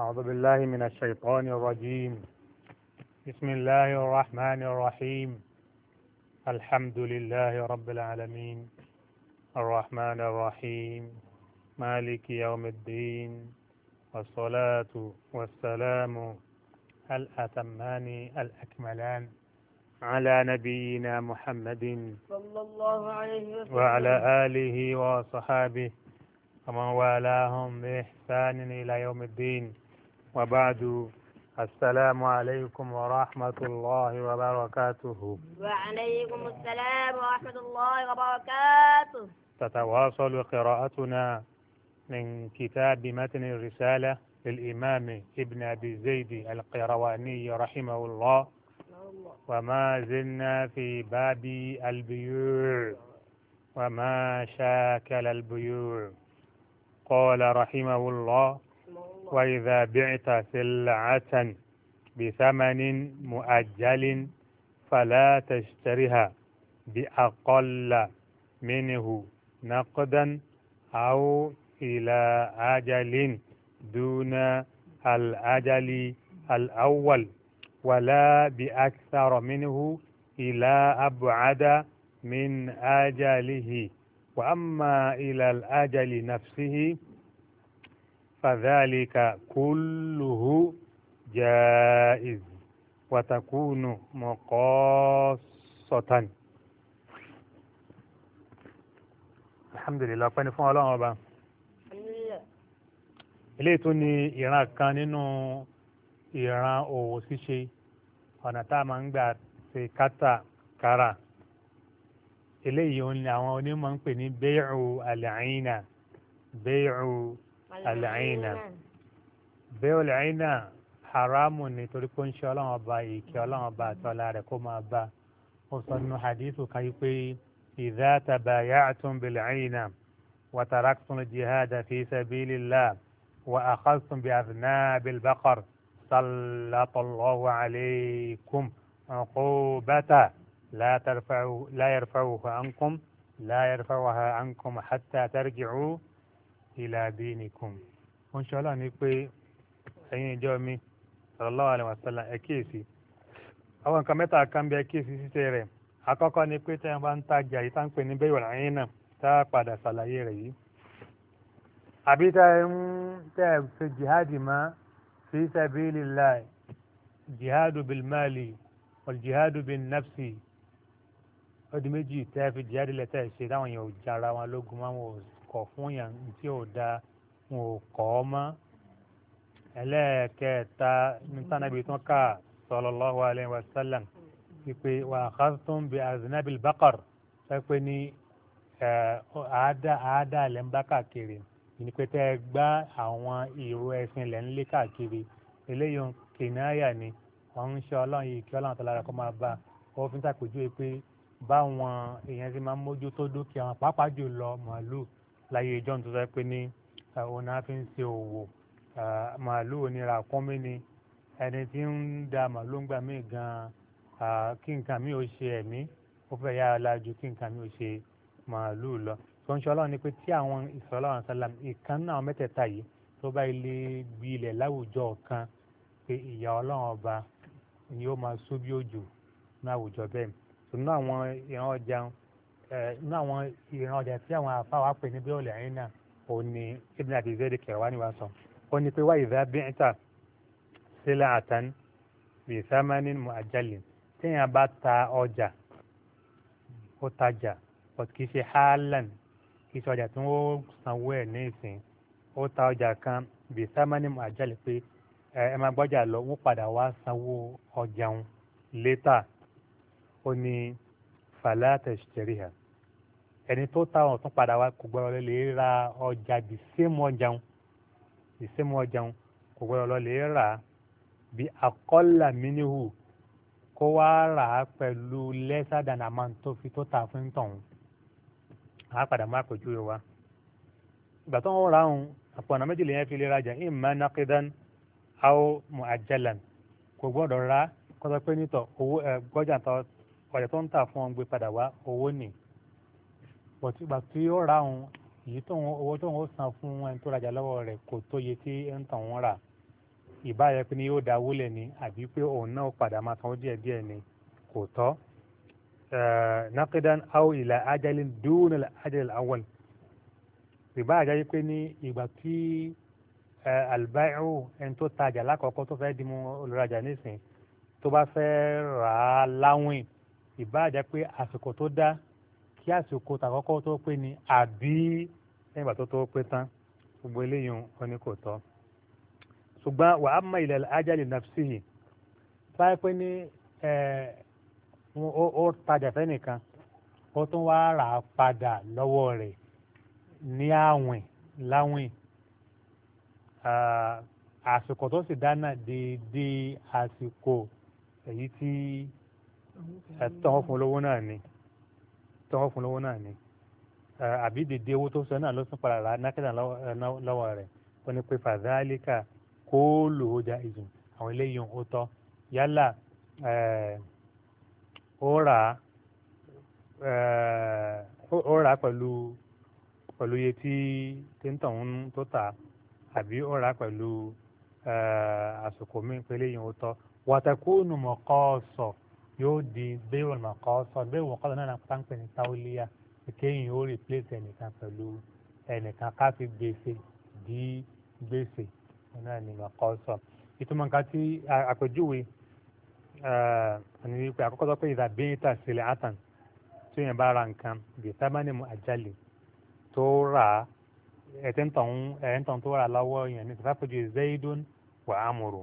أعوذ بالله من الشيطان الرجيم بسم الله الرحمن الرحيم الحمد لله رب العالمين الرحمن الرحيم مالك يوم الدين والصلاة والسلام الأتمان الأكملان على نبينا محمد صلى الله عليه وسلم وعلى آله وصحابه ومن والاهم بإحسان إلى يوم الدين وبعد السلام عليكم ورحمة الله وبركاته وعليكم السلام ورحمة الله وبركاته تتواصل قراءتنا من كتاب متن الرسالة للإمام ابن أبي زيد القيرواني رحمه الله وما زلنا في باب البيوع وما شاكل البيوع قال رحمه الله وإذا بعت سلعة بثمن مؤجل فلا تشترها بأقل منه نقدا أو إلى أجل دون الأجل الأول ولا بأكثر منه إلى أبعد من أجله وأما إلى الأجل نفسه فذلك كله جائز وتكون مقاصة الحمد لله فاني فون الله أبا ilé tó ní ìran kan nínú ìran òwò ṣíṣe ọ̀nà tá a máa ń gbà ṣe kátàkárà eléyìí òun ni àwọn onímọ̀ ń pè ní bẹ́ẹ̀rù àlàyìnà bẹ́ẹ̀rù العين بي العين حرام ني تريكو ان شاء الله ابا يكي الله ابا تولاري كما ابا وصنو حديثو كيبي إذا تبايعتم بالعين وتركتم الجهاد في سبيل الله وأخذتم بأذناب البقر سلط الله عليكم عقوبة لا ترفعوا لا يرفعوها عنكم لا يرفعها عنكم حتى ترجعوا ìlà dinikum wọ́n ṣe ọlọ́run ní pé ẹ̀yin ìjọ mi sallallahu alaihi wasallam ẹ kíyèsí àwọn nǹkan mẹ́ta kan bí ẹ kíyèsí ṣíṣe rẹ̀ àkọ́kọ́ ni pé tẹ́yìn bá ń tajà yìí tá ń pè ní bẹ́ẹ̀ ìwọ̀n àyín náà tá a padà ṣàlàyé rẹ̀ yìí àbí tẹ́ ẹ ń tẹ́ ẹ ṣe jihadi mọ́ fi sabilillah jihadu bilmali wal jihadu bin nafsi ọdún méjì tẹ́ fi jihadi lẹ́tẹ̀ ṣe táwọn èèyàn ò jara wọn lógun máa ń wọ̀ kọ̀ fún yàn tí ò dáa wọn ò kọ́ ọ mọ́ ẹlẹ́ẹ̀kẹta nítànàbí tún ká sallallahu alayhi wa sallam pípé wà àkàtún bí azinabil bakar pẹ́pẹ́ ní àádá lẹ́ ń bá káàkiri ní pé tẹ́ ẹ gbá àwọn ìró ẹ̀sìn lẹ́ ń lé káàkiri eléyìí kìnnáyà ni ọ̀hún ṣe ọlọ́run yìí kí ọlọ́run tó lára kọ́ máa bá ọ fi ń ṣàpèjúwe pé báwọn èèyàn ti máa ń mójútó dúkìá wọn pàápàá jù lọ màálù láyé john tó sọ pé ní òun náà fi ń ṣe òwò màálùú onira kọ́mí ni ẹni tí ń da màálùú ń gbà mí gan-an kí nǹkan mi ò ṣe ẹ̀mí ó fẹ́ yára lájú kí nǹkan mi ò ṣe màálùú lọ tó ń ṣe ọlọ́run ni pé tí àwọn ìsọ̀rọ̀ àwọn sálàm ìkan náà mẹ́tẹ̀ẹ̀ta yìí tó bá ilé gbilẹ̀ láwùjọ kan pé ìyá ọlọ́run ọba ni ó máa sóbí òjò ní àwùjọ bẹ́ẹ̀ ṣùgbọ́n àwọn ìran ọjà inú àwọn ìran ọjà tí àwọn afáwa pè ní bíọ́ọ̀lù ẹ̀yìn náà ò ní ibùdó àti ìzẹ́dì kẹwàá ni wàá sọ ó ní pé wáyé ìzá bíńtà sílẹ̀ àtàn bìsámánì àjálì téèyàn bá ta ọjà ó tajà but kì í ṣe haalan kì í ṣe ọjà tí wọ́n sanwó ẹ̀ ní ìsìn ó ta ọjà kan bìsámánì àjálì pé ẹ máa gbọ́jà lọ wọ́n padà wá sanwó ọjà wọn létà ó ní fàlàtà ṣẹ̀ríhà ẹni tó ta ọ̀nà tún padà wá kò gbọ́dọ̀ lọ lè ra ọjà the same ọjà ń the same ọjà ń kò gbọ́dọ̀ lọ lè rà á bí akọ́là mínihù kó wá rà á pẹ̀lú lesser than amount tó fi tó ta fún tọ̀hún àá padà má pẹ̀jú rẹ wá. ìgbà tó ń ra òun àpò méjìlél yẹn fi lè rajà ẹ̀ nàkídán áwò mọ̀ àjẹlẹ̀ kò gbọ́dọ̀ rà kọ́tọ́ pé nítọ̀ owó ẹ̀ gbọ́jà tó ọ̀rẹ́ tó ń tà fún ọ gbé padà wá owó nìí but ìgbà tí ó ra òun èyí tóun owó tóun ó san fún ẹni tó rajà lọ́wọ́ rẹ̀ kò tó iye tí ẹni tàn wọ́n rà ìbáyẹ pé ni yóò da owó lẹ̀ ni àbí pé òun náà padà máa sanwó díẹ̀ díẹ̀ ni kò tọ́ nakidan aw ila ajalin dúnà ajalin awal ìbá àjáyé pé ní ìgbà tí albaio ẹni tó tajà lákọ̀ọ́kọ́ tó fẹ́ di mu olùrajà nísìn tó bá fẹ́ rà á láwìn ìbá àjá pé àsìkò tó dá kí àsìkò tàkọ́kọ́ tó pé ni àbí lẹ́yìn ìgbà tó tó pé tán gbogbo eléyìí wọn ni kò tọ́ ṣùgbọ́n wàá mọ ilẹ̀ ajali nafsi yìí báyìí pé ní ó tajà fẹ́nìkan ó tún wá rà á padà lọ́wọ́ rẹ̀ ní àwìn láwìn àsìkò tó sì dáná déédéé àsìkò èyí tí ẹ̀tọ́ fún olówó náà ni tọ́wọ́ fún lọ́wọ́ náà ni àbí dèdè owó tó sọ náà ló tún padà rà nákẹ́dà lọ́wọ́ rẹ̀ wọ́n ní pé fàdálíkà kó lò ó da ìzùn àwọn eléyìí ó tọ́ yálà ó rà ó pẹ̀lú pẹ̀lú iye tí téńtàn tó tà àbí ó rà pẹ̀lú àsìkò mi pé eléyìí ó tọ́ wàtàkùnù mọ̀kọ́ sọ̀ yóò di bẹ́ẹ̀rù màkọ́ sọ bẹ́ẹ̀ wọ́n kọ́lọ́ náà nípa ń pè ní táwílíyà kéyìn ó replace ẹnìkan pẹ̀lú ẹnìkan ká fi gbèsè di gbèsè náà ní màkọ́ sọ. ìtumọ̀ nǹkan tí àpèjúwe ẹni eh, wípé àkọ́kọ́ sọ pé ìdàbíyìntà sílẹ̀ àtàn tí yẹn bá ra nǹkan bíi tábánìmù àjálè tó rà á ẹ̀ẹ́ntàn tó rà lọ́wọ́ yẹn ní sàfàpèjì zaidun wà á mòrò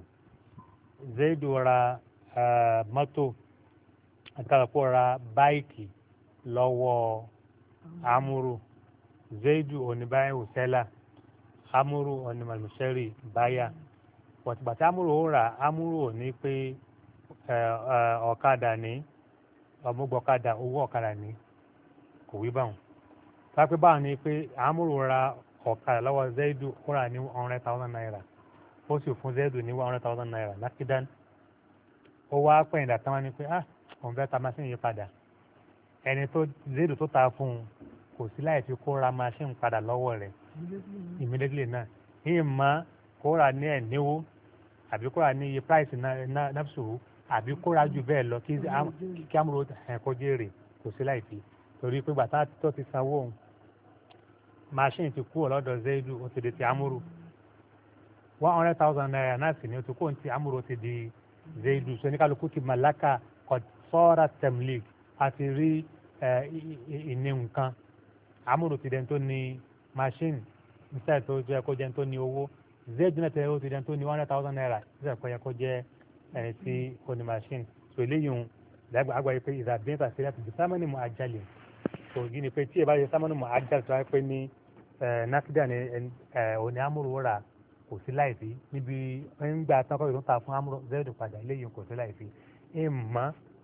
àtàlàpọ̀ ra báìkì lọ́wọ́ amúrù zaidu oníbàáyé hùsẹ́là amúrù onímọ̀lùsẹ́rì báyà pọ̀tùpà tí amúrù ó rà amúrù ò ní pé ọ̀kadà ní ọmúgbọ̀kadà owó ọ̀kadà ní kò wí báwọn sápẹ́ báwọn ni pé amúrù ra ọ̀kadà lọ́wọ́ zaidu ó rà ní one hundred thousand ó sì fún zaidu ní one hundred thousand naira lákìdán ó wá pẹ̀yìndà táwọn ni pé ah òun fẹ́ ta machine yìí padà ẹni tó zéèdù tó ta fún un kò sí láì fi kó ra machine padà lọ́wọ́ rẹ̀ immediately náà yìí mọ kó ra ní ẹ̀níwó àbí kó ra ní iye price náà náà sòwò àbí kó ra jù bẹ́ẹ̀ lọ kí amúro ẹ̀kọ́ jèrè kò sí láì fi torí pé gbàtà tó ti sanwó òun machine ti kú ọlọ́dọ̀ zéèdù ó ti di ti amúrò one hundred thousand naira náà sì ni ó ti kó ní ti amúrò ti di zéèdù sọ ní kálukú ti màláka sọ́ra tẹ̀mílík àti rí ìní nǹkan amúrò ti dẹ́n tó ní machine nísàlẹ̀ tó yẹ kó jẹ́ tó ní owó zayed ó ti dẹ́n tó ní one hundred thousand naira nísàlẹ̀ kó yẹ kó jẹ́ ẹni tí ó ní machine tó eléyìí dàgbà àgbáyé pé ìdàbíyẹn tà sí láti di sámánì mu àjálẹ̀ tó yìí ni pé tí ẹ bá yẹ sámánì mu àjálẹ̀ tó wáyé pé ní nàkídà ni òní amúrò wọ́ra kò sí láìsí níbi ń gbà tán kọ́ ìlú fún amúrò zayed padà eléyìí kò sí láìsí ẹ̀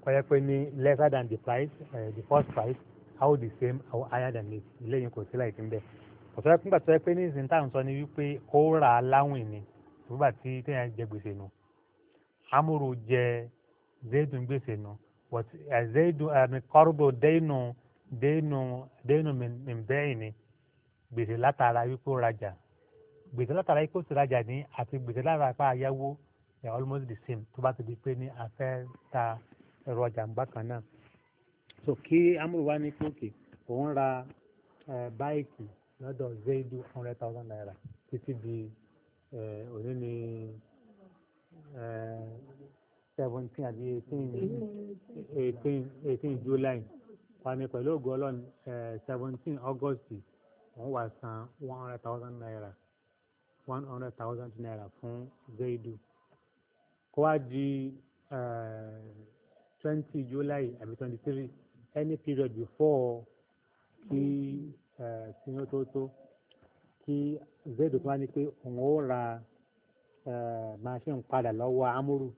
kọ́yẹ́ pé ní lesser than the price uh, the first price how the same how higher than it lẹ́yìn kò sí láìpẹ́ bẹ́ẹ̀ ọ̀tọ́ ẹ̀ nígbà tó yẹ pé ní ìsìn tá à ń sọ ni wípé kó rà á láwìn ni nígbà tí téèyàn jẹ gbèsè nu amúrò jẹ zaidu gbèsè nu but eh, zaidu eh, kọ́rùbù dénú dénú dénú mìbẹ́yìn ni gbèsè látara wípé ó rajà gbèsè látara wípé ó sì rajà ní àti gbèsè látara pa àyáwó almost the same tó bá ti di pé ní afẹ́ ta ẹ̀rọ àjàǹgbá kan náà so kí amúrò wá ní kókè òun ra báìkì lọ́dọ̀ zaidu hundred thousand naira títí di òní ní seventeen àbí eighteen eighteen eighteen july pàmì pẹ̀lú ògo ọlọ́run seventeen august òun wà san one hundred thousand naira one hundred thousand naira fún zaidu kó wá di. Uh, twenty july àbí twenty three any period before kí sínú tó tó kí zedo tó wá ní pé òun ó ra máa ṣe ń padà lọ́wọ́ amúrú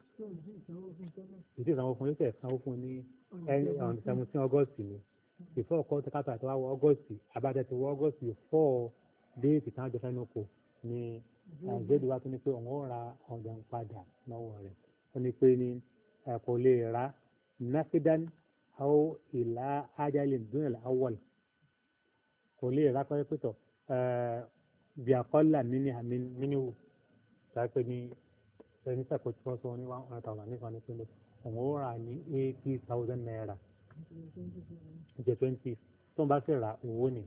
ìdí ìsanwó fún yóò tẹ̀ sanwó fún ní on seventeen august ni before kọ́ tó kátó àti wáwọ august abájá ti wọ august before déètì táwọn jọ fẹ́nu kò ni zedo wá tó ní pé òun ó ra ọ̀dọ̀ ń padà lọ́wọ́ rẹ̀ ó ní pé ní kò lè rà nafidan aw ìlà ajalin dúnà awọl kò lè rà pẹ́ pẹ́tọ̀ eh, bí akọ́là mini miniwu láìpẹ́ ní ẹni sàkó tí wọ́n sọ ní one hundred thousand nípa ní pínlẹ̀ òun ó rà ní eighty thousand naira jẹ twenty tó ń bá sì ra owó ni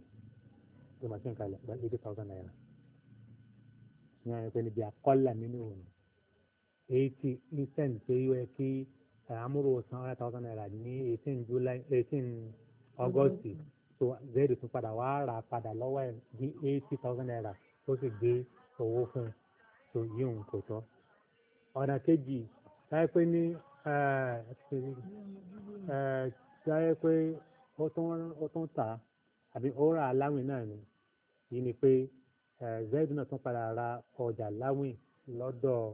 tó máa ṣe ń kalẹ̀ gba eighty thousand naira ní àwọn ẹni pé níbi akọ́là miniwu eighty instead pé ó yẹ kí. amúrò san hundred thousand naira ní eighteen july eighteen august so zed tún padà wá rà padà lọ́wọ́ ẹ̀ ní eighty thousand naira tó sì gbé owó fún un so kò tọ́ ọ̀nà kejì táyé pé ní táyé pé ó láwìn náà ni yìí náà tún padà ra ọjà láwìn lọ́dọ̀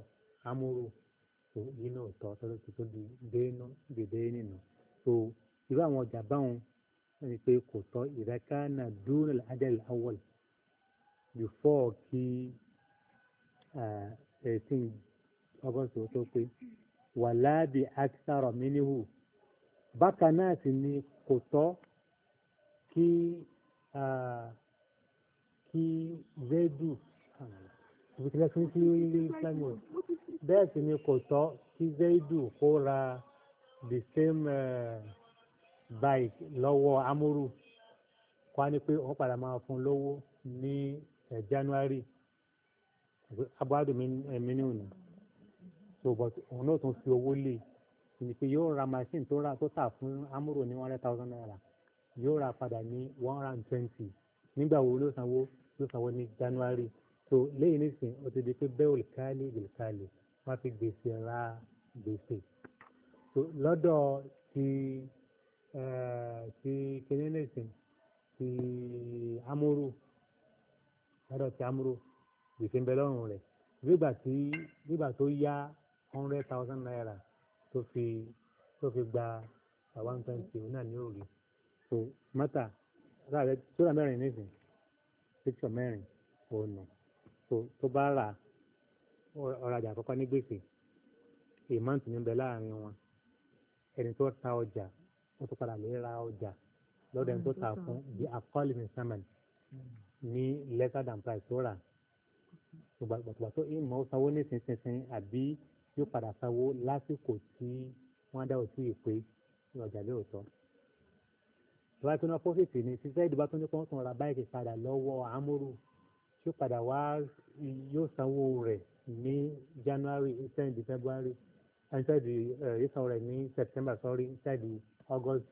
so èyí náà tọ́ tọ́lọ́ tó tó di dèdè nínú so irú àwọn ọjà báwọn wọ́n ní pé kò tọ́ ìrẹ́ká náà dúró adẹ́lẹ̀ awọ́l before kí eighteen august tó pé wàláàbí akitaro minihu bákan náà sì ni kò tọ́ kí kí zedu ìpìlẹ̀ fún kí ilé islamu bẹ́ẹ̀ sì ni kò tọ́ kí zaidu kó ra the same uh, bike lọ́wọ́ amúrù kó a ní pé wọ́n padà máa fún lówó ní eh, january abúládùn mínú eh, ni so but òun náà tún fi owó lé ni pé yóò ra machine tó ra tó tà fún amúrò ní one hundred thousand naira yóò ra padà ní one hundred and twenty nígbà wo ló sanwó ló sanwó ní january so lẹ́yìn nísìn ó ti di pé bẹ́ẹ̀ olùkálí olùkálí wọ́n fi gbèsè ra gbèsè so lọ́dọ̀ ti eh, ti kínní nísìn ti amúrú lọ́dọ̀ ti amúrú gbèsè ń bẹ lọ́rùn rẹ̀ nígbà tí nígbà tó yá hundred thousand naira tó fi tó fi gba one twenty òun náà ní òòrì so mọ́tà sóra mẹ́rin nísìn píkṣọ̀ mẹ́rin òun so tó bá rà ọ̀rajà àkọ́kọ́ ní gbèsè ìmáǹtì ní bẹ láàrin wọn ẹni tó ta ọjà ó tún padà lè ra ọjà lọ́dọ̀ ẹni tó ta fún the according to sermon ní lesser than price tó rà gbàgbàgbà tó ìmọ̀ sanwó nísinsìnyí àbí yóò padà sanwó lásìkò tí wọ́n dá òtún ìpè ní ọjà lóòótọ́. ìwádìí tó ná pósìtì ni ṣíṣẹ́ ìdìbò tó ní kó ń sanra báyìí padà lọ́wọ́ àmúrù yóò padà wá yóò sanwó rẹ̀ ní January instead of February instead of eh, yóò sanwó rẹ̀ ní September sorry instead of August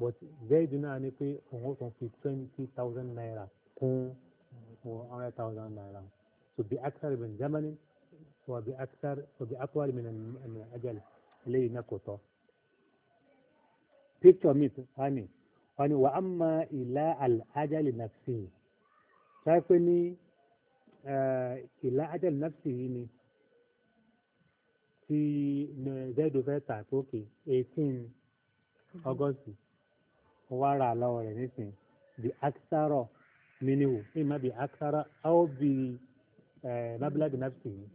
but Zaid náà ni pé òun ó tún fi twenty thousand naira kún one hundred thousand naira to be actual in Germany wa bi actual wa bi actual min ajal eléyìí náà kò tọ́. picture mi wani wani wa amma ila al ajali nafsi ta pe ni ìlà ajal nafsi yìí ni tí zedo fẹ́ tà sókè eighteen august wà rà lọ́wọ́ rẹ̀ nísìnyí bí aksaro minihu ìmọ̀ bí aksaro aw bí mabilag nafsi yìí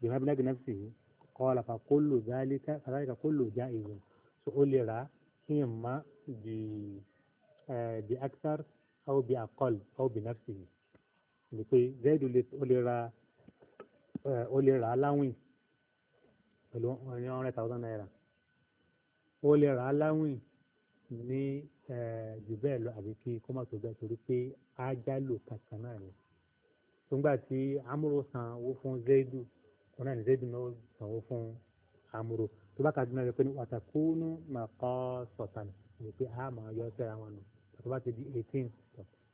bí mabilag nafsi yìí kọ́ọ̀lá fa kólò zálíkà fàtàkà kólò já ìwé so ó lè rà ìmọ̀ bí bí aksar aw bí akọ́l aw bí nafsi yìí ni pé zaidu ó lè ra eh, ó lè rà á láwìn pẹ̀lú ní hundred thousand naira ó lè rà á láwìn ní eh, jù bẹ́ẹ̀ lọ àbí kí kó má tó bẹ́ẹ̀ torí pé ájálù kankan náà ni nígbà tí amúrò san owó fún zaidu wọn náà ní zaidu náà san owó fún amúrò tó bá ka dúró náà pé ní wàtàkùnú màkà sọ̀tàn ni pé a máa yọ ọ́ sẹ́ra wọn nù tó bá ti di eighteen sọ̀tàn.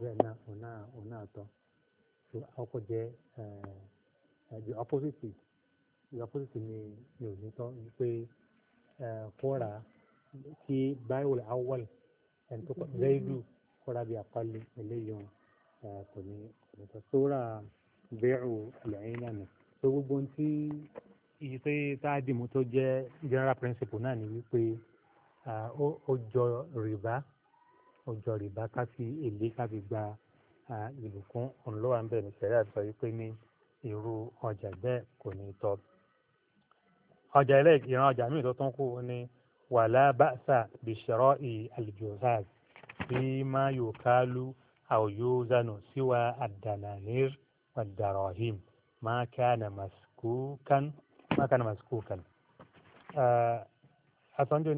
then una una ato so àkọ́kọ́ jẹ́ eh, eh, the opposite the opposite ni ni òní tọ́ ni pé kóra kí báyìí awọ́l ẹni tó kọ́ zaidu kóra bí apálí eléyìí kò ní kò ní tọ́ sóra bẹ́ẹ̀rù lẹ́yìn náà so gbogbo ohun tí iye pé táàdì mú tó jẹ́ general principle náà ni wípé eh, ó jọ rìbá ọjọ́ rìbá ká fi èlé ká fi gba ìbùkún òun ló wà ń bẹ̀ ní sẹ́rẹ́ àti sọ wípé ní irú ọjà bẹ́ẹ̀ kò ní tọ́. ọjà ẹlẹ́ẹ̀kì ìran ọjà míì tó tún kù ni wàlá bàṣà bìṣọ́rọ́ ì àlùjọ́sáàz bí máa yóò kálú àwòyózanù síwá àdànànír wàdàrọ̀hìm máa kánà màsíkúkan. máa kánà màsíkúkan.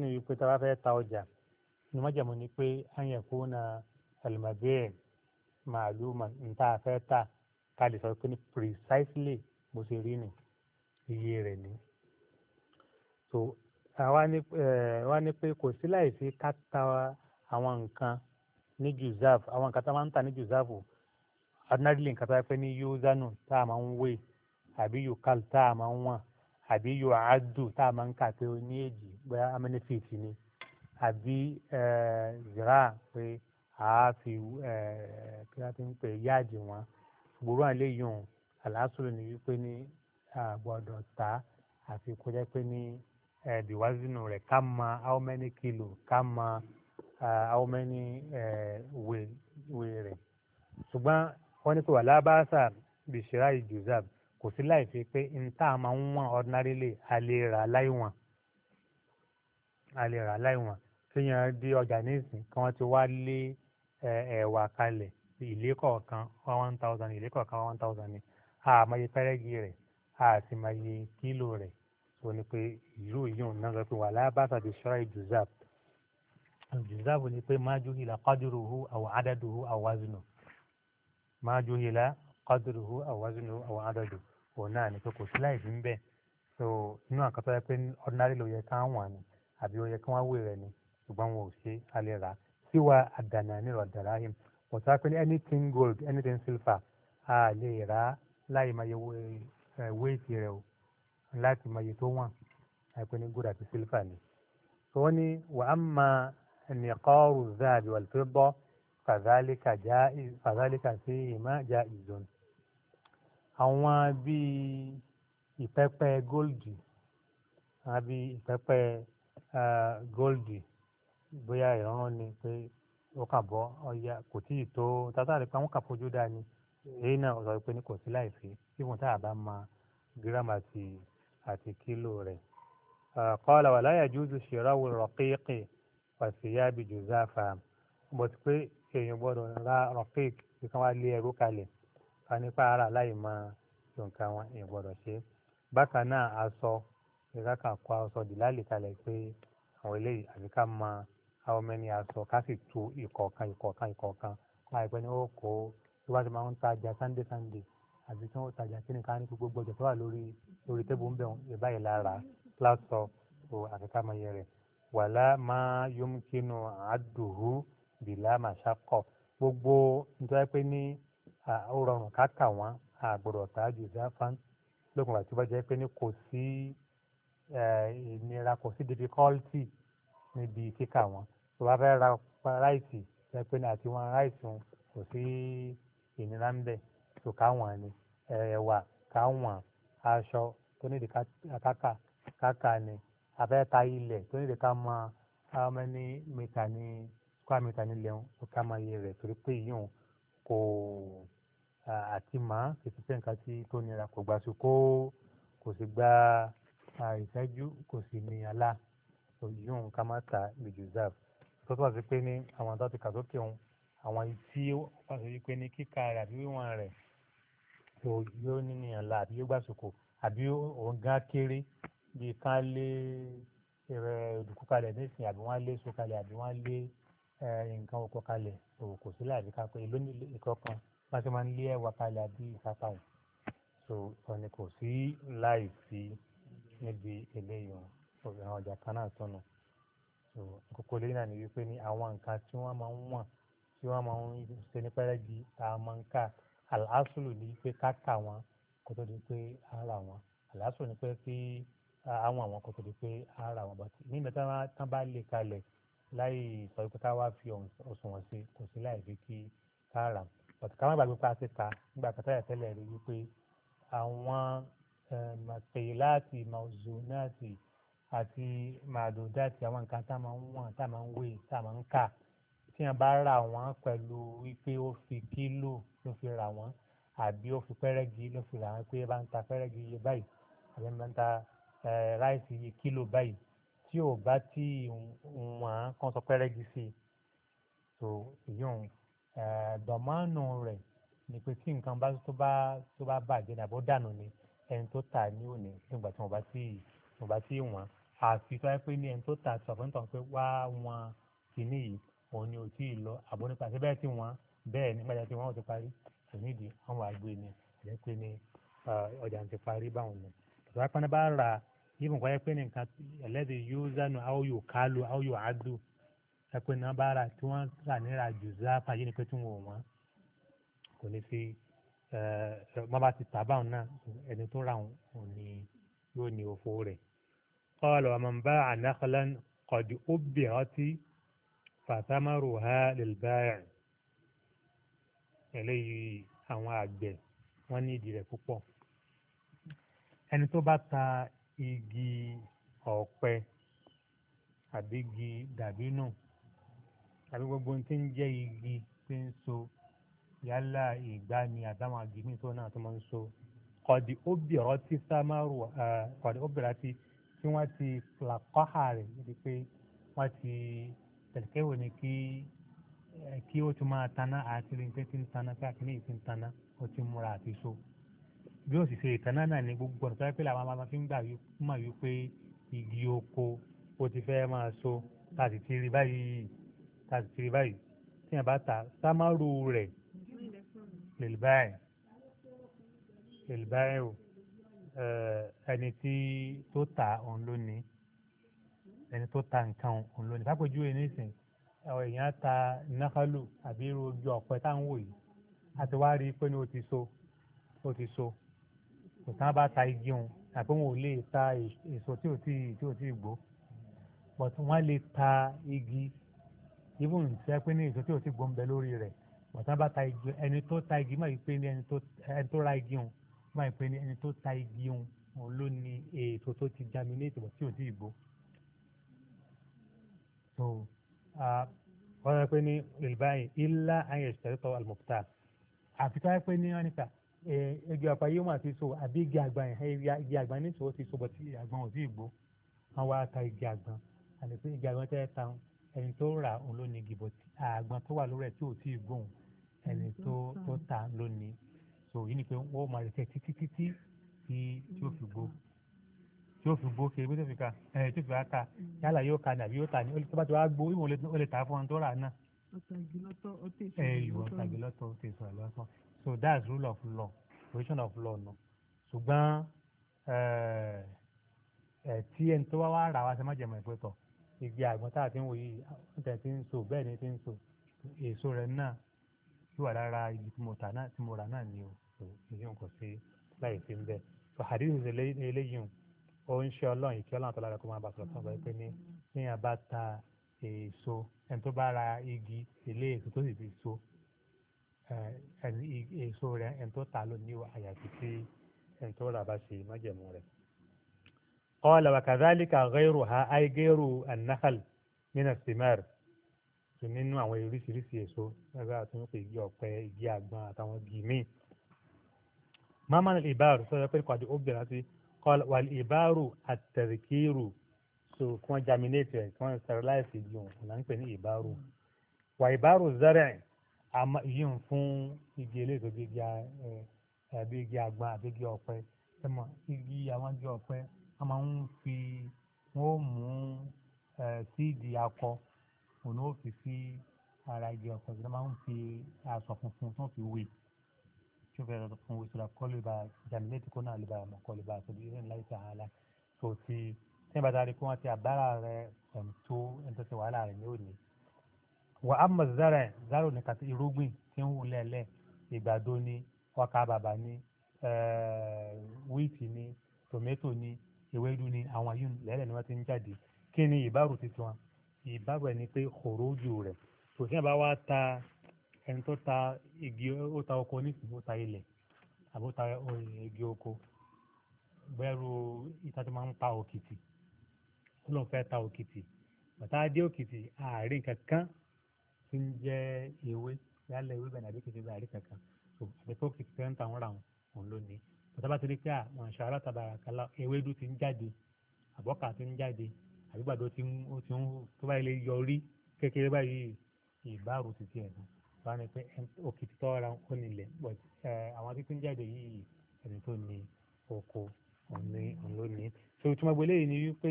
ni wípé tá a bá fẹ́ ta ọjà. Numajamu májàmú ni pé ayẹ̀kúnà àlùmọ̀bẹ́ẹ̀ màálùú nta fẹ́ ta ká lè sọ pé ní precisely mo ṣe rí ni iye rẹ̀ ni. so wá ní pé kò sí láìsí ká ta àwọn nǹkan ní juzaf àwọn nǹkan tá a máa ń tà ní juzafu ordinarily nǹkan tó yẹ pé ní yóòzánù tá a máa ń wé àbí yòókàl tá a máa ń wọ̀n àbí yòó tá a máa ń kà pé ní èjì bóyá amẹ́nifíìtì ni àbí zira pé a fi kí wọ́n ti ń pè yáàdì wọn gbòòrò àlẹ́ yòó àlàásùlù ni wípé ní àgbọ̀dọ̀ ta àfi kó jẹ́ pé ní bìwázínú rẹ̀ ká mọ how many kilo ká mọ how many wé rẹ̀ ṣùgbọ́n wọ́n ní pé wà lábáṣà bìṣẹ́ra ìjùzàb kò sí láì fi pé n tá a máa ń wọ́n ordinarily a lè rà láìwọ̀n a rà láìwọ̀n kéèyàn dé ọjà nísìn kí wọ́n ti wá lé ẹ̀wà kalẹ̀ ilé kọ̀ọ̀kan one thousand ilé kọ̀ọ̀kan one thousand ni àmọye pẹ́rẹ́gì rẹ̀ àtìmọye kílò rẹ̀ so ní pé ìlú yìí náà sọ pé wà lábàtà ti ṣọ́ra ìjùzàb ìjùzàb ni pé májú ìlà qadruhu aw adaduhu aw waznu májú ìlà qadruhu aw waznu aw adaduhu òun náà ni pé kò sí láìsí ń bẹ̀ so inú àkàtọ́ yẹ pé ordinary ló yẹ ká wọ̀n ni àbí ó yẹ ká wọ́n wé rẹ̀ ni ṣùgbọ́n wọn ò ṣe a lè rà síwá àdànà nírọ̀ dàráhìm ọ̀tá pé anything gold anything silver a lè rà láì máa yẹ wéètì rẹ o láti máa yẹ tó wọ̀n àìpé ní gold àti silver ni. tó wọ́n ní wà á ma nìkọ́rù záàbì wà lóṣù bọ́ fàzálíkà sí ìmọ̀ já ìzòn. àwọn bíi ìpẹ́pẹ́ góòlì àbí ìpẹ́pẹ́ góòlì bóyá ìrọ̀rùn ni pé ó kà bọ́ ọ̀yà kò tí ì tó tátàrí pé àwọn kà fojú dá ni èyí náà ọ̀sọ̀ pé ní kò sí láì tí wọn táà bá ma gíráàmù àti àti kílò rẹ̀. qala wala yajuzu shira'u raqiqi wa thiyabi juzafa bó ti pé èèyàn gbọ́dọ̀ ra raqiq kí wọ́n wá lé ẹrú kalẹ̀ ká nípa ara láì máa nǹkan wọn èèyàn gbọ́dọ̀ ṣe. bákan náà aṣọ ìrákà aṣọ dìlálì kalẹ̀ pé àwọn eléyìí àbíká máa àwọn ọmọ ẹni àsọ ká sì tu ìkọ̀ọ̀kan ìkọ̀ọ̀kan ìkọ̀ọ̀kan láìpẹ́ ní ó kó tó bá ti máa ń tajà sunday sunday àbí tí wọ́n tajà kí ni ká ní gbogbo ọjà tó wà lórí lórí tébù ń bẹ̀ ẹ̀ báyìí lára láṣọ tó àkẹ́kọ̀ọ́ máa yẹ rẹ̀ wàlá máa yomkinu àdùhù bìlá màṣákọ̀ gbogbo nítorí pé ní ó rọrùn ká tà wọ́n àgbọ̀dọ̀ tààjù ìdáfán lókun àti bọ́jà pé ní kò sí ìnira kò sí difficulty níbi kíkà wọn tó bá fẹ́ ra ráìsì jẹ́ pé àti wọn ráìsì wọn kò sí ìnira ńbẹ̀ tó ká wọn ni ẹ̀wà ká wọn aṣọ tó ní ìdíkà káka káka ni abẹ́ta ilẹ̀ tó ní ìdíkà mọ how many mítà ni square mítà ni ilẹ̀ tó ká mọ iye rẹ̀ torí pé yíyún kò àti màá kìí ṣe nǹkan tí tó nira kò gbà sùn kó kò sì gba ìṣẹ́jú kò sì ní alá yóò ká má ka lè deserve tó tó bá ti pé ní àwọn tó ti kà sókè òun àwọn tí ó bá ti rí pé ní kíkà rẹ̀ àbí wíwọ̀n rẹ̀ tó yóò níyàn la àbí yóò gbàsòkò àbí òun gan kéré bíi ká lé ẹrẹ òdùkú kalẹ̀ nísìnyí àbí wọ́n lé so kalẹ̀ àbí wọ́n á lé nǹkan oko kalẹ̀ kò sí láàbí ká pé lónìí ìkọ̀ọ̀kan bá ti máa ń lé ẹ̀wà kalẹ̀ àbí ìkápá yìí so ọ̀nì kò sí láì sí níbi eléyìí wọn àwọn ọjà kan náà tọ̀nà so kókó lẹ́yìn náà ni wípé ní àwọn nǹkan tí wọ́n máa ń wọ̀n tí wọ́n máa ń ṣe ní pẹ́rẹ́gì tá a máa ni pé ká kà wọ́n kó tó di pé á rà wọ́n ni pé kí àwọn àwọn kó tó di pé á rà wọ́n bàtí nígbà tí wọ́n bá lè kalẹ̀ láì sọ pé ká wá fi òṣùwọ̀n sí kò sí láì fi kí ká bàtí ká gbàgbé pé a ta nígbà kan tẹ́lẹ̀ tẹ́lẹ̀ rí wípé àwọn eh, màtẹ́yìláàtì màùzùnáàtì àti màdòdá àti àwọn nǹkan tá a máa ń wọ̀n tá a máa ń wé tá a máa ń kà tí wọ́n bá rà wọ́n pẹ̀lú wípé ó fi kílò ló fi rà wọ́n àbí ó fi pẹ́rẹ́gì ló fi rà wọ́n pé bá ń ta pẹ́rẹ́gì iye báyìí àbí bá ń ta ráìsì iye kílò báyìí tí ò bá tí wọ́n kàn sọ pẹ́rẹ́gì sí i tó ìyóhùn dọ̀mọ́nù rẹ̀ ni pé tí nǹkan bá tó bá tó bá bàjẹ́ dàbó dànù ni ẹni tó tà ní òní nígbà tí wọ́n bá tí wọ́n bá tí wọ́n àfi tó yẹ pé ní ẹni tó ta sọ fún ìtàn pé wá wọn kìíní yìí òun ni ò tí ì lọ àbò nípa ṣé bẹ́ẹ̀ tí wọ́n bẹ́ẹ̀ nípa ìjà tí wọ́n ò ti parí ìníìdì àwọn àgbè ni ẹ̀jẹ̀ pé ní ọjà ti parí báwọn ni tọ́lá pẹ́ẹ́n bá ra yíkùn kọ́ yẹ pé nìkan ẹlẹ́dẹ̀ yóò zánu àwọn yóò kálu àwọn yóò ádùn ẹ̀pẹ́ náà bá ra tí wọ́n rà níra jù záfà yìí ni pé tí wọ́n wọ́n kò ní fi má ni yóò قال ومن باع نخلا قد أبرت فثمرها للبائع eléyìí àwọn àgbẹ̀ wọ́n ní ìdí rẹ̀ púpọ̀ ẹni tó bá ta igi ọ̀pẹ àbí igi dàbínù àbí gbogbo ohun tí ń jẹ́ igi tí ń so yálà ìgbá ni àtàwọn igi míì tó náà tó máa ń so kọ̀dí ó bìrọ̀ tí sámárù kọ̀dí ó bìrọ̀ tí tí wọ́n ti flakọ́hà rẹ̀ níbi pé wọ́n ti tẹ̀lékẹ́wò ni kí kí ó ti máa taná àti rí nǹkan tí ń taná káàkiri ìfi ń taná ó ti múra àti so bí ó sì ṣe ìtaná náà ní gbogbo ọ̀nà tó pé làwọn máa fi ń gbà mọ̀ wípé igi oko ó ti fẹ́ máa so láti ti rí báyìí láti ti rí báyìí tí yẹn bá ta sámárù rẹ̀ lè báyìí lè báyìí o ẹni tí tó ta òun ló ní ẹni tó ta nǹkan òun ló ní fàpèjú ẹni sìn àwọn èèyàn ta nákàlù àbí irú ojú ọ̀pẹ táwọn wò yìí a ti wá rí i pé ní o ti so o ti so kò tán bá ta igi òun àbí wọn ò lè ta èso tí ò tí tí ò tí gbó but wọn lè ta igi even ṣe pé ní èso tí ò tí gbó ń bẹ lórí rẹ̀ but wọn bá ta igi ẹni tó ta igi mọ̀ yìí pé ní ẹni tó ra igi òun máa pè ní ẹni tó ta igi òun òun ló ní èso tó ti germinate wọ́n tí ò tí ì bó. so wọ́n máa pè ní ìbáyìí ilá ayé ìṣẹ̀lẹ̀tọ̀ àlùmọ̀tà àfi ká pè ní ọ́nìkà igi ọ̀pá yìí wọ́n àti so àbí igi àgbà yẹn igi àgbà ní ìṣòro ti so bọ̀ tí àgbọn ò tí ì bó wọ́n wá ta igi àgbọn àti pé igi àgbọn tẹ́ ta ẹni tó rà òun ló ní igi bọ̀ àgbọn tó wà lórí ẹ̀ tí ò tí ì gbóhùn ẹni tó tó ta ló ní so yìí ni pé wọ́n máa lè tẹ̀ títí títí tí tí ó fi gbó tí ó fi gbó kiri bí tó fi ka ẹ̀ tó fi wá ka yálà yóò ka nàbí yóò ta ni tó bá ti wá gbó ìwọ̀n ó lè ta fún wọn tó rà náà. ọ̀tàgìlọ́tọ̀ ó tẹ̀ sọ̀rọ̀ lọ́sàn. so that's rule of law provision of law nù ṣùgbọ́n tí ẹni tó wá wá rà wá sí májèmọ̀ ìpẹ́tọ̀ ìgbé àgbọ̀n tá a ti ń wò yìí ó tẹ̀ ti ń so bẹ́ẹ̀ ni ti ń so èso rẹ̀ náà yóò wà lára ibi tí mo tà náà tí mo rà náà ni o tó ìyóò kò sí láì fi ń bẹ tó hadith eléyìí ó ń ṣe ọlọ́run ìkí ọlọ́run tó lára kó máa bá sọ̀rọ̀ sọ̀rọ̀ pé ní ní abá èso ẹni tó bá ra igi ilé èso tó sì fi so eh, èso rẹ ẹni tó ta ló ní àyàfi tí ẹni tó rà bá ṣe májẹ̀mú rẹ̀. قال وكذلك غيرها أي غير النخل من الثمار so nínú àwọn oríṣiríṣi èso lábẹ́ àti wọ́n pè igi ọ̀pẹ igi àgbọn àtàwọn igi míì mama ní ìbáàrù sọ́dọ̀ pé kọ́ni ó bẹ̀rẹ̀ sí kọ́ni wà ní ìbáàrù àtẹ̀ríkìrù so kí wọ́n germinate rẹ̀ kí wọ́n sterilize igi òun là ń pè ní ìbáàrù wà ìbáàrù zẹ́rẹ̀ yìí fún igi eléso bí igi àbí igi àgbọn àbí igi ọ̀pẹ ẹ̀mọ̀ igi àwọn igi ọ̀pẹ wọ́n máa ń fi wọ́n mú síìdì akọ òun ó fi sí ara igi ọ̀pọ̀ tí wọ́n máa ń fi aṣọ funfun tó fi wé tí ó fẹ́ fún wíṣọ́ra kọ́ ba jàmílẹ́tì kó náà lè ba àmọ́ kọ́ lè ba àṣọ ìrìn láì ta àlà tó ti tí wọ́n bá darí pé wọ́n ti àbára rẹ̀ tó ẹni tó ti wàhálà rẹ̀ ní òní. wà á mọ̀ zara zara ní kàtí irúgbìn tí ń wù lẹ́lẹ̀ ìgbàdo ni ọkà bàbà ni eh, wíìtì ni tòmẹ́tò ni ewédú ni àwọn yìí lẹ́lẹ̀ ni wọ́n ti ń jáde kí ni ìbárò tuntun wọn ìbáwọ ẹni pé kòrójù rẹ̀ kò sí àbá wa ta ẹni tó ta igi ó ta oko nísìnyí ó ta ilẹ̀ àbó ta igi oko bẹ́ẹ̀rù ìta tó máa ń pa òkìtì ó lóun fẹ́ ta òkìtì bàtà dé òkìtì àárín kankan tí ń jẹ́ ewé yálẹ̀ ewé bẹ̀rẹ̀ àbí kìtì bẹ̀rẹ̀ àárín kankan àbẹ̀tọ́ òkìtì tẹ́ ń ta wọn ra wọn òun ló ní bàtà bá ti rí pé àwọn àṣà alátabàrà kala ewédú ti ń jáde àbọ́kà ti ń jáde àgbàdo tí ó ti ń tó báyìí lè yọrí kékeré báyìí ìbáàrò ti tiẹ̀ nù bá ní pé òkè ti tọ́ ara ó nílẹ̀ àwọn tí tó ń jáde yìí ẹni tó ní oko òní so ìtumọ̀ gbélé yìí ni wípé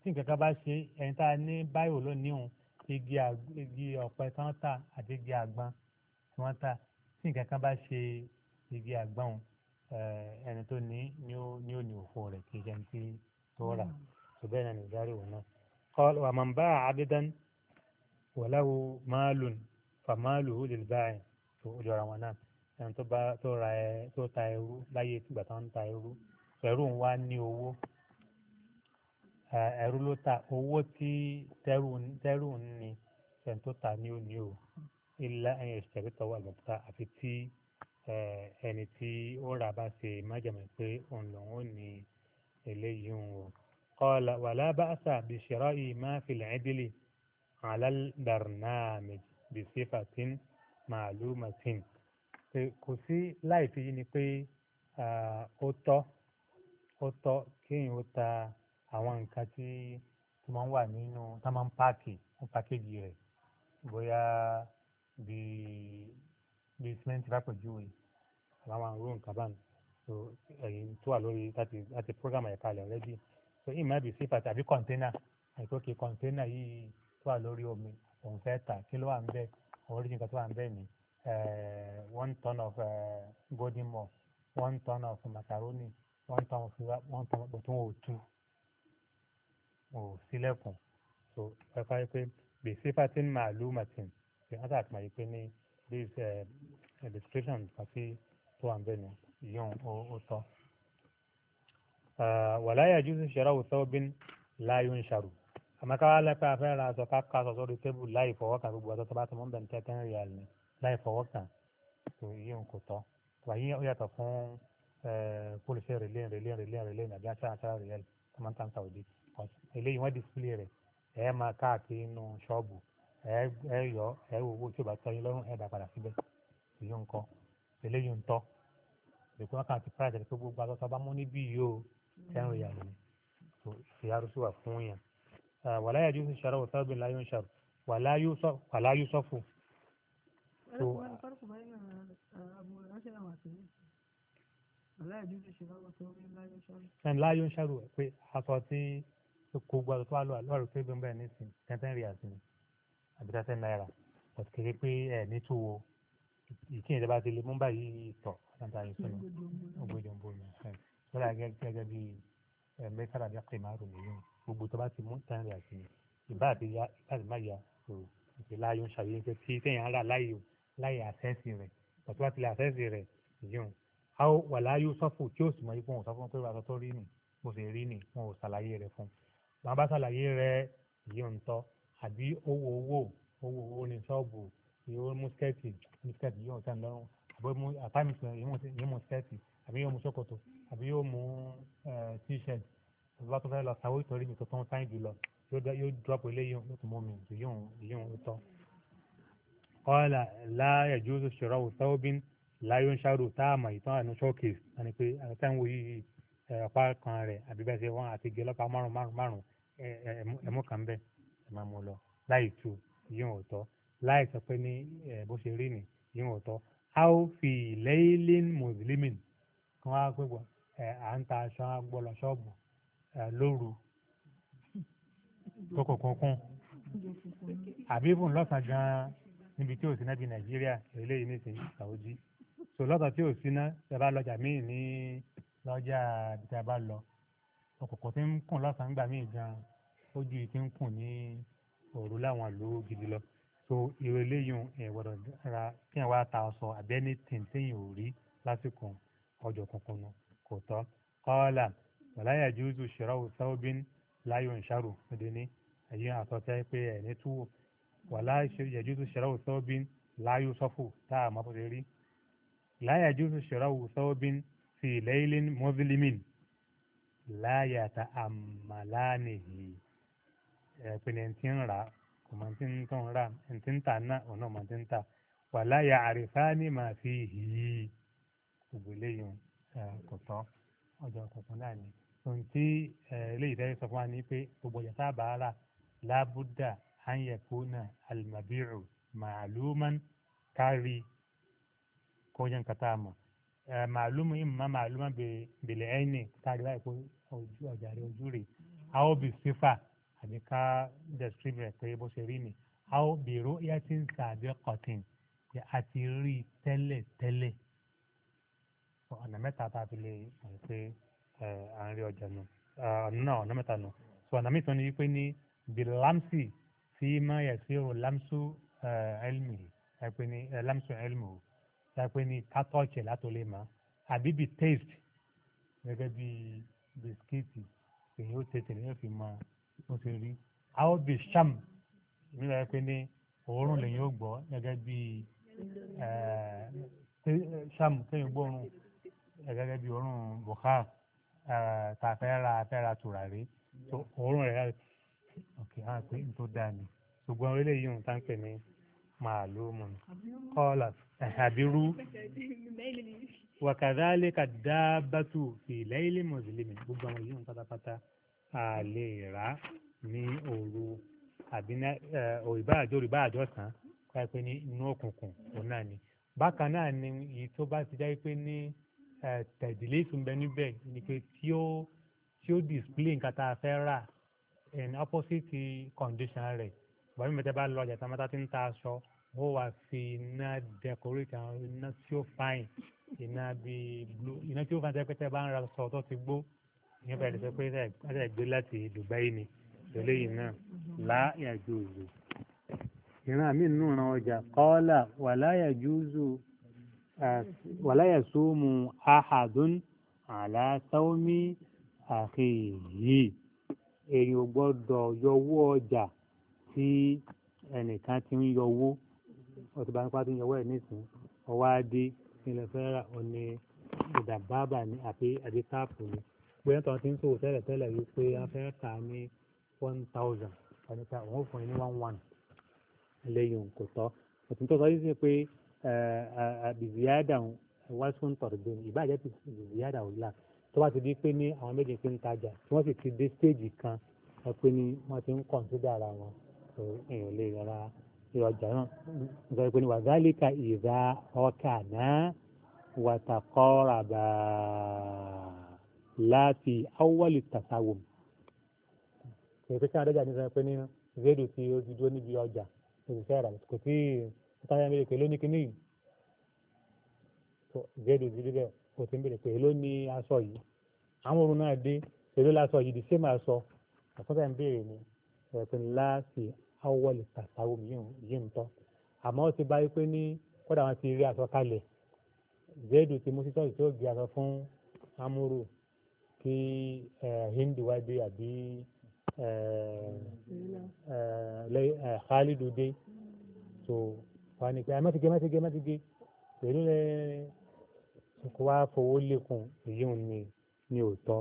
tí nǹkan kan bá ṣe ẹni tá a ní báyò lónìí òun igi ọ̀pẹ tán tà àti igi àgbọn tí wọ́n tà tí nǹkan kan bá ṣe igi àgbọn ẹni tó ní ni ó ní òfò rẹ̀ kì í ṣe ẹni tó rà. Mm. فبين نزاري والناس قال ومن باع عبدا وله مال فماله للبائع أجر ونا ẹni tó bá tó ra ẹ tó ta ẹrú láyé tìgbà tó ń ta ẹrú ẹrú ń wá ní owó ẹrú ló ta owó tí tẹrù ń ní ẹni ní òní o ilá ẹni ìṣẹ̀rí tọwọ́ àgbàtà àfi tí ẹni tí ó rà bá ṣe májàmọ́ pé òun ní eléyìí òun o. قال ولا بأس بشراء ما في العدل على البرنامج بصفة معلومة kò sí láìfi yìí ni pé ó tọ́ ó tọ́ kéèyàn ó ta àwọn nǹkan tí tó máa ń wà nínú tá máa ń páàkì ní pàkéjì rẹ̀ bóyá bíi bíi sìmẹ́ǹtì lápèjúwe àwọn àwọn irú nǹkan tó ẹ̀yìn tó wà lórí láti láti prógámù ẹ̀ka rẹ̀ rẹ́dí so ìmọ̀ bí sífà tàbí kọ̀ńténà àìkókè kọ̀ńténà yìí tó wà lórí omi òun fẹ́ tà kí ló wà ń bẹ̀ òun rí nǹkan tó wà ń bẹ̀ ni eh, one ton of eh, golden mop one ton of macaroni one ton of one ton of tó ń tu ò sílẹ̀kùn so ẹ̀ka yìí pé bí sífà eh, tí ń màálù màtìn ṣe ń sàtìmọ̀ yìí pé ní this uh, illustration tó wà ń bẹ̀ ni yóò ó tọ́ wala yajuzu shara'u thawbin la yunsharu àmọ́ ká wá lẹ́pẹ́ afẹ́ ra aṣọ ká ká aṣọ sórí tébù láì fọwọ́ kan gbogbo aṣọ tó bá ti mọ́ bẹ̀rẹ̀ tẹ́tẹ́ ń rí àlẹ́ láì fọwọ́ kan tó yí n kò tọ́ wà yí ó yàtọ̀ fún pólíṣẹ́ rìlẹ́ rìlẹ́ rìlẹ́ rìlẹ́ nàbí aṣọ àṣọ rìlẹ́ tó máa ń tàn sàwọ́dì eléyìí wọ́n disipili rẹ̀ ẹ̀ máa káàkiri inú ṣọ́ọ̀bù ẹ̀ yọ ẹ̀ wò owó tí ó bá tọ́ yín lọ́rùn ẹ̀ dá padà síbẹ̀ èyí ń kọ́ eléyìí ń tọ́ ìpín wákàtí friday àti gbogbo àtọ́ tó bá mú níbí yìí o tẹ́rùn ìyá mi tó ìyàrá sí wà fún yàn. wàlá yàjú sí ṣàrọ̀ wọ́n sábẹ́ láyé ń ṣàrọ̀ wàlá yóò sọ́fù. ẹn láyé ń ṣàrọ̀ pé aṣọ tí kò gbọ́ àtọ́ tó wà lọ́wọ́ àlọ́rù pé bẹ́ẹ̀ bẹ́ẹ̀ ní sìn ten ten riyals ni àbí ten ten naira but kékeré pé ẹ̀ ní two o ìkíni ìjọba ti lè mú báyìí tọ̀ láti àyè sọ̀rọ̀ ògbójòǹbó mi lọ́la gẹ́gẹ́ bí mẹ́tàlá bí akẹ́ márùn nìyẹn gbogbo tó bá ti mú tán rẹ̀ àti ìbá àti ya ìbá àti má ya òkè láàyò ń ṣàyè pé tí téèyàn ara láàyò láàyè àṣẹ́sì rẹ̀ pàtó bá ti lè àṣẹ́sì rẹ̀ ìyẹn a ó wà láàyò sọ́fù tí ó sì mọ ipò òun sọ fún pé wàá tó rí nì mo ní step yóò tẹ̀ lọ́rùn àbí yóò mú àtàmì sọ yóò mú sẹ́ẹ̀tì àbí yóò mú ṣòkòtò àbí yóò mú t-shirt bá tó fẹ́ lọ sàwó ìtọ́rí mi tó tán sáyìn jùlọ yóò drop eléyìí yóò tún mú mi jù yóò yóò ń tọ́. ọ̀la láyà jùlọ ṣòro ọ̀sọ́bìn láyò ń ṣàrò táàmù ìtàn àánú ṣọ́ọ̀kì àni pé àtẹ̀wò yìí ọ̀pá kan rẹ̀ àbí bẹ́ẹ̀ ṣe wọ́n àti gé lọ́pàá márùn-ún márùn-ún ẹ̀mú kan bẹ́ẹ̀ ẹ̀ máa mú lọ láì tu yóò tọ́ láì sọ pé ní bó ṣe rí ni ìwọ̀n tọ́ a ó fi lẹ́yìn mùsùlùmí kí wọ́n á pè wọ́n à ń ta aṣọ agbọ́lọ̀ ṣọ́ọ̀bù lóru kókò kankan àbí lọ́sàn gan-an níbi tí ò sí náà di nàìjíríà eléyìí nísìnyí sàwọ́jì so lọ́sàn tí ò sí náà ṣe bá lọ́jà míì ní lọ́jà bí ta bá lọ ọkọ̀ọ̀kọ̀ tí ń kùn lọ́sàn gbà míì gan-an ó ju ìtí kùn ní òru láwọn ìlú gidi lọ so irú eléyìí ẹ̀ gbọ́dọ̀ ra kí ẹ̀ wá ta ọsọ àbí anything téèyàn ò rí lásìkò ọjọ́ kankan nu kò tọ́ kọ́ọ́là wàláyà jùzù ṣìrọ́wù sáwọ́bìn láyò ìṣàrò ọdẹ ní ẹ̀yìn àsọtẹ́ pé ẹ̀ ní túwò wàláyà jùzù ṣìrọ́wù sáwọ́bìn láyò sọ́fù tá a máa fọ́tẹ́ rí láyà jùzù ṣìrọ́wù sáwọ́bìn fi lẹ́yìn mọ́sílímìn láyà ta àmàlánìhì ẹ̀ pẹ̀lẹ́ntì ń rà á kò mọ tí ń tó ń rà ẹni tí ń tà náà òun náà mọ tí ń tà wàlá ya àrífá ní màá fi hìí gbogbo eléyìí kò tọ́ ọjọ́ kọ̀ọ̀kan náà ni ohun tí eléyìí dẹ́rẹ́ sọ fún wa ni pé gbogbo ọjà tá a bá rà lábúdà an yakuna alimabiru màálùmán kárí kó yẹn kata mọ̀ màálùmù yìí mọ̀ màálùmán bèlè ẹ̀yìn kárí láì kó ọjà rẹ̀ ojú rẹ̀ àwọn bí sífà àbí ká describe rẹ̀ pé bó ṣe rí ni a ó bèrò yá ti ń sa àbí kọ̀tìn pé a ti rí i tẹ́lẹ̀ tẹ́lẹ̀ ọ̀nà mẹ́ta tá a fi lè mọ̀ pé à ń rí ọjà nù ọ̀nà náà ọ̀nà mẹ́ta nù so ọ̀nà mìíràn ni wípé ní bilamsi fi máa yẹ sí o lamsu elmi ẹ pé ní lamsu elmi o ẹ pé ní kátọ́ọ̀kì látòlé ma àbí bi taste gẹ́gẹ́ bí bisikíìtì èyí ó tètè ní yóò fi máa bó ṣe rí aobi sham nígbà pé ní òórùn lèyìn ó gbọ́ gẹ́gẹ́ bí sham kéyìn gbóòórùn gẹ́gẹ́ bí òórùn bukhar tá a fẹ́ ra a fẹ́ ra tùràrí òórùn rẹ̀ ok á pé n tó dáa ni ṣùgbọ́n orílẹ̀ yìí ń tán pè ní màálù mu kọ́ọ̀lá àbírú wàkàdá lè ka dábàtú ìlẹ́yìn mùsùlùmí gbogbo àwọn yìí ń pátápátá a lè rà ní òru àbí ìbá àjọ ìbá àjọ sàn káyọ̀ pé ní inú òkùnkùn òun náà ni. bákan náà ni èyí tó bá ti jáde pé ní tẹ̀dílé ìfúnbẹ níbẹ̀ ni pé tí ó tí ó display nǹkan tá a fẹ́ rà in opposite condition rẹ̀ bọ̀dún mẹ́tẹ́ bá lọ ọjà tí wọ́n ti ń ta aṣọ ó wàá fi iná decorate àwọn iná tí ó fine iná bíi blue iná tí ó fine tẹ́ pé bá ń ra aṣọ tó ti gbó ìyẹn bá yẹ sọ pé láti àjò láti dubai ni ìrọ̀lẹ́ yìí náà láyàjò òzò ìran àmì nínú ìran ọjà kọ́ọ́là wàláyà sóòmù ahadun àlàsáwómi àkèyí èyí ò gbọ́dọ̀ yọwọ́ ọjà tí ẹnìkan ti ń yọwọ́ ọtí bá ń pàtó yọwọ́ ẹ̀ nísìnyí ọwọ́ adé nílẹ̀ fẹ́ràn òní ìdàbàbà ní àti àdìsáàpù ni pé nítorí tí ń sòwò tẹ́lẹ̀ tẹ́lẹ̀ yìí pé a fẹ́ ta ní one thousand ọ̀nìkà òun ò fún ẹ ní one one lẹ́yìn kò tọ́ òtún tó sọ yìí sí pé bìbíyàdà wáṣún tọ̀dọ̀dọ̀ ìbàjẹ́ ti bìbíyàdà ò la tó bá ti di pé ní àwọn méjì pé ń tajà tí wọ́n sì ti dé stéèjì kan ẹ pé ní wọ́n ti ń kọ̀ǹsídà ara wọn tó èèyàn lè rọra ìrọ̀jà náà nítorí pé ní wàzálìkà ìdá ọkà náà wàtàkọ́ràbà láti awali tàtàwò èyí tí adájà ní sọ pé ní zéèdù tí ó ti dúró níbi ọjà òṣìṣẹ́ rà kò tí táyà mi lè pè lónìí kínní zéèdù ti dúró kò tí ń bèrè pé èló ni aṣọ yìí àwọn orun náà dé èló lásọ yìí di sẹ́mà aṣọ àkọ́kọ́ ń bèrè ni ẹ̀rọ pé láti awọ́lì tàtàwò yìí ń tọ́ àmọ́ ó ti báyìí pé ní kọ́dà wọn ti rí aṣọ kalẹ̀ zéèdù ti mú sísọ́ọ̀sì tó gbé aṣọ fún amúrò kí hindu wá dé àbí khalidu dé so wà ní pé mẹ́tìgé mẹ́tìgé mẹ́tìgé pẹ̀lú kó wá fowó lékun èyí ò ní ní òótọ́.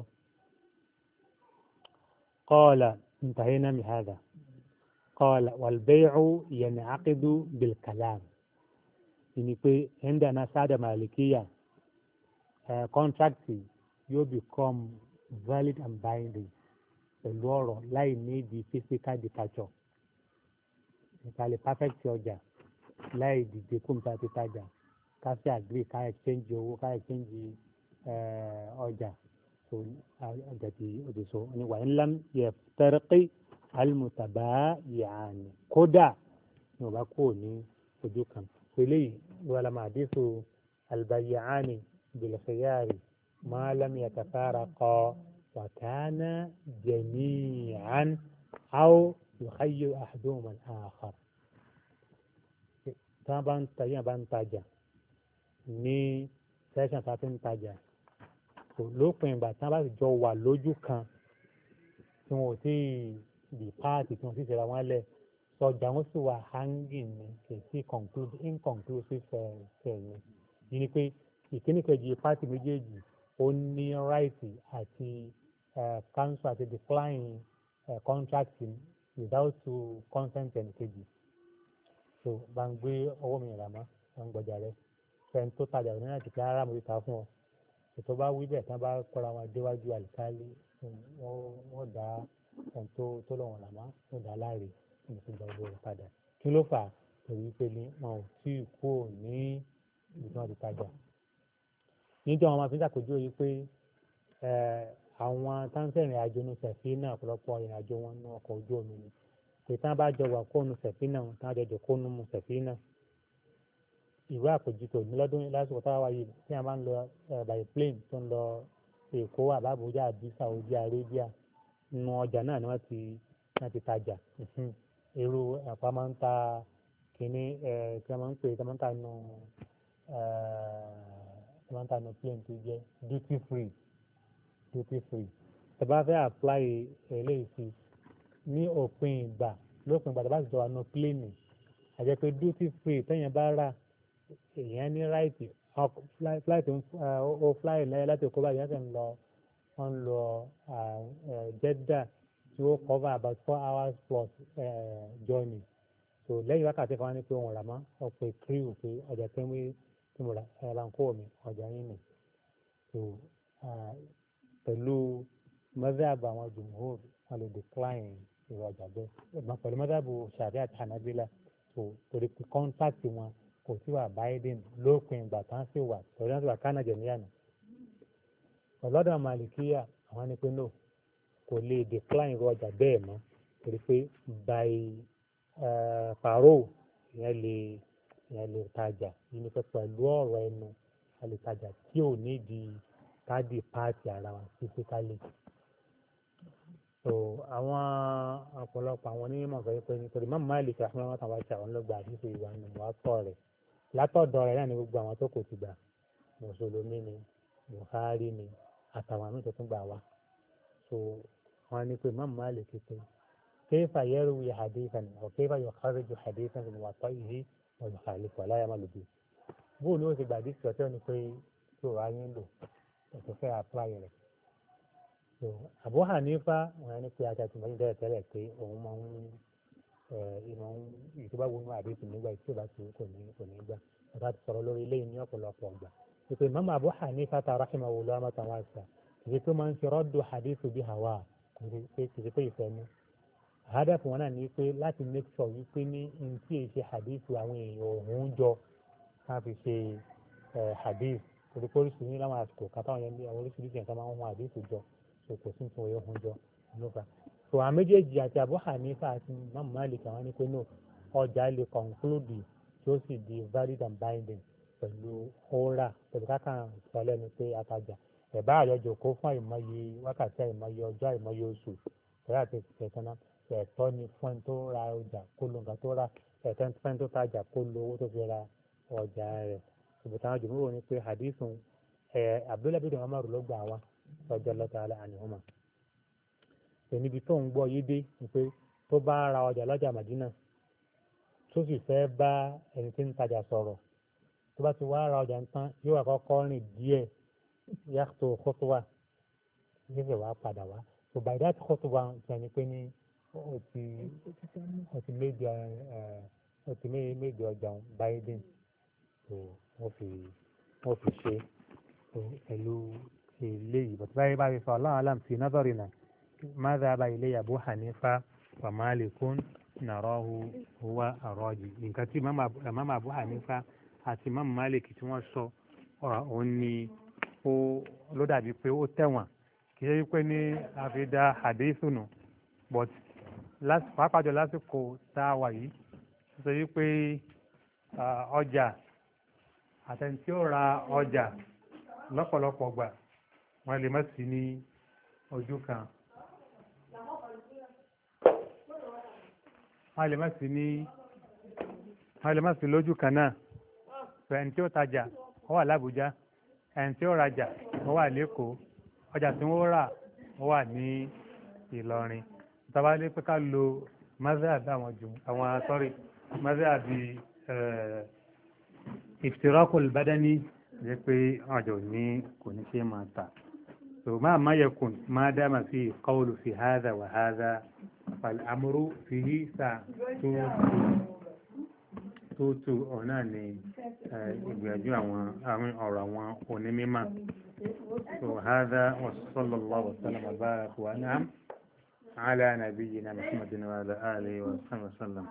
قال انتهينا من هذا قال والبيع ينعقد بالكلام يعني pé عندنا سادة مالكية كونتراكتي yóò become valid and binding pẹ̀lú ọ̀rọ̀ láì ní ibi physical departure ìtàlẹ̀ perfect ọjà láì dìde kóńtà ti tajà ká sì agree ká exchange owó ká exchange eh, ọjà tó ọjà tí òde so ní wàá ńlá yẹ tẹrẹkì alimutaba yaani kódà ní ọba kò ní ojú kan pẹ̀lẹ́ yìí wàlámà àdéhùn albayaani bilkhiyari. ما لم يتفارقا وكان جميعا أو يخير أحدهما الآخر طبعا تجا بانتاجا ni sẹ́sàn tá a ti ń tajà lópin ìgbà tí wọ́n bá ti jọ wà lójú kan tí wọn ò tí di páàtì tí wọ́n sì ṣẹlẹ̀ wọn lẹ̀ sọjà wọn sì wà hanging ní kìí inconclusive fẹ̀ẹ́ ni yìí ni pé ìkíní kejì páàtì méjèèjì ó ní right àti eh, cancel àti decline eh, contract without consent ẹnìkejì so bá ń gbé ọwọ́ mi rà mọ́ bá ń gbọ́jà rẹ fẹ́ni tó tajà òní náà ti pé ara mo ti ta fún ọ ètò bá wí bẹ́ẹ̀ tán bá kọ́ra wọn déwájú àlìkálí wọ́n dá ẹni tó tó lọ́wọ́n là má wọ́n dá láre ẹni tó gba owó rẹ̀ padà kí ló fà torí pé ní wọn ò tí ì kúrò ní ibi tí wọ́n ti tajà níjọ́ àwọn afi ń sàkójú yìí pé àwọn táǹsẹ̀ ìrìn àjò ní sẹ̀fínà ọ̀pọ̀lọpọ̀ ìrìn àjò wọn ní ọkọ̀ ojú omi ni pé tá a bá jọ wà kóònù sẹ̀fínà tá a jọ jọ kóònù mu sẹ̀fínà ìwé àpèjì tó ní lọ́dún lásìkò táwa yìí tí a máa ń lọ by plane tó ń lọ èkó àbábòjá àbí saudi arabia nu ọjà náà ni wọ́n ti wọ́n ti tajà irú àpá máa ń ta kínní tí a máa tí a máa ń ta nu ẹ máa ń ta ní pm tó duty free duty free tẹ́ bá fẹ́ apply eléyìí sí ní òpin ìgbà lópin ìgbà tó bá ti jọba nu pléènì àjẹ́ pé duty free tẹ́yìn bá rà èèyàn ní right flight ó fly lẹ́yìn láti kó báyìí láti ń lọ wọ́n ń lọ Jeddah tí ó cover about four hours plus journey so lẹ́yìn wákàtí kan wá ní pé òun rà mọ́ ọ̀pẹ̀ crew pé ọjà pé wọ́n saboda yaran kowane wajen ne to pẹ̀lú mazhab àwọn jumhur wọn lè decline ìwà àjàgbẹ́ ẹ̀gbọ́n pẹ̀lú mazhab ṣàbí àti hanabila tó torí pé contact wọn kò sí wà biden lópin ìgbà kan sí wà torí wọn sì wà kánà jẹ̀míyàní ọlọ́dọ̀ malikiya àwọn ni pé no kò lè decline ìwà àjàgbẹ́ ẹ̀ mọ́ torí pé by eh, paro ìyẹn lè ìyẹn lè tajà nínú pé pẹ̀lú ọ̀rọ̀ ẹnu a lè tajà tí ò ní di káàdì páàtì ara wa physically. so àwọn ọ̀pọ̀lọpọ̀ àwọn onímọ̀ sọ pé nítorí má má lè kàfún àwọn àtàwọn àṣà àwọn ọlọ́gbà àdúgbò ìwà ni wọ́n á rẹ̀ látọ̀dọ̀ rẹ̀ náà ni gbogbo àwọn tó kò ti gbà mùsùlùmí ni buhari ni àtàwọn àmì tó tún gbà wá so wọn ni pé má má lè kíkẹ́ kéfà yẹ́rù yẹ hadithan ọ̀ kéfà yọ̀ kárẹ́jù hadithan wà tọ́ ìhí wọn fà lè pọ̀ láyà má lò bí. bóò ni wọ́n ti gbàdí sí ọ̀tẹ́ ni pé tí ò ráyé lò ẹ̀sùn fẹ́ apply rẹ̀. Abu Hanifa wọn ni pé ajá ti mọ̀ nígbà tẹ́lẹ̀ pé òun máa ń ìmọ̀ ìtúbà wo inú àdéhùn nígbà tí ò bá ti kò ní kò ní gbà bàbá ti sọ̀rọ̀ lórí ilé ní ọ̀pọ̀lọpọ̀ ọ̀gbà. ìpè Imam Abu Hanifa ta rahimahullah mọ́tàwá ìsà kì í tó máa ń fi rọ́dù hadith bí hawa kì pé ìfẹ́ mi hádàpù wọn náà ní pé láti make sure wípé ní n tí èyí hadith àwọn èèyàn òun jọ ká fi ṣe hadith torí pé oríṣiríṣi láwọn àsìkò kan táwọn yẹn àwọn oríṣiríṣi nǹkan máa ń hun hadith jọ kò kò sí nǹkan òun jọ nípa. tó àwọn méjèèjì àti Abu Hanifa àti Imam Malik àwọn ní pé no ọjà lè conclude tí ó sì di valid and binding pẹ̀lú ọ́ra pẹ̀lú kákan ìsọ̀lẹ́ ni pé atajà ẹ̀bá àyọjọ kó fún àìmọye wákàtí àìmọye ọjọ́ àìmọye oṣù pẹ̀lú àti ìfẹ̀tẹ̀ náà ẹ̀tọ́ ni fún ẹni tó ra ọjà kó lo nǹkan tó rà ẹ̀tọ́ ni fún ẹni tó tajà kó lo owó tó fi ra ọjà rẹ̀ ṣùgbọ́n àwọn jùmọ̀ ni pé hadithun ẹ̀ abdullahi bin umar ló gbà wá lọ́jọ́ lọ́ta alẹ́ àníhùnmá níbi tó ń gbọ́ yédé ni pé tó bá ra ọjà lọ́jà màdínà tó sì fẹ́ bá ẹni tí ń tajà sọ̀rọ̀ tó bá ti wá ra ọjà ń tán yóò wá kọ́kọ́ rìn díẹ̀ yàtọ̀ kótó wa yóò fẹ́ wá padà wá ṣùgbọ́n ìdá ó ti media ti méjì ó ti méjì ọjà biden tó wọ́n fi wọ́n fi ṣe pẹ̀lú eléyìí bàtí báyìí bá fi fa ọlọ́run alam fi nọ́bọ̀rì náà má dáa bá ilé yàgò hànífà wàmálẹ̀kùn nàrọ́hù wà àrọ́jì nǹkan tí màmá àbú hànífà àti màmá malik tí wọ́n sọ òun ni ó ló dàbí pé ó tẹ̀wọ̀n kì í ṣe pé ní àfi dá hadith nù but pàápàá jọ lásìkò tá a wà yìí nítorí pé ọjà àtẹni tí ó ra ọjà lọ́pọ̀lọpọ̀ gbà wọ́n lè má sí ní ojú kan wọ́n lè má sí ní wọ́n lè má sí lójú kan náà ẹni tí ó tajà ó wà lábújá ẹni tí ó rajà ó wà lẹ́kọ̀ọ́ ọjà tí wọ́n rà ó wà ní Ìlọrin tàbá lé pé ká lo mazhab àwọn jù àwọn sọ́rí mazhab bí eh, iftirakul badani jẹ́ pé àjọ ní kò ní ṣe máa ta so máa má yakun máa dáma sí qawlu fi hadha wa hadha fàlámúrú fi hí sa tóótó ọ̀nà ni eh, ìgbìyànjú àwọn ọ̀rọ̀ àwọn onímímà so hadha wa sallallahu wa sallam wa barak wa na'am على نبينا محمد وعلى آله وصحبه وسلم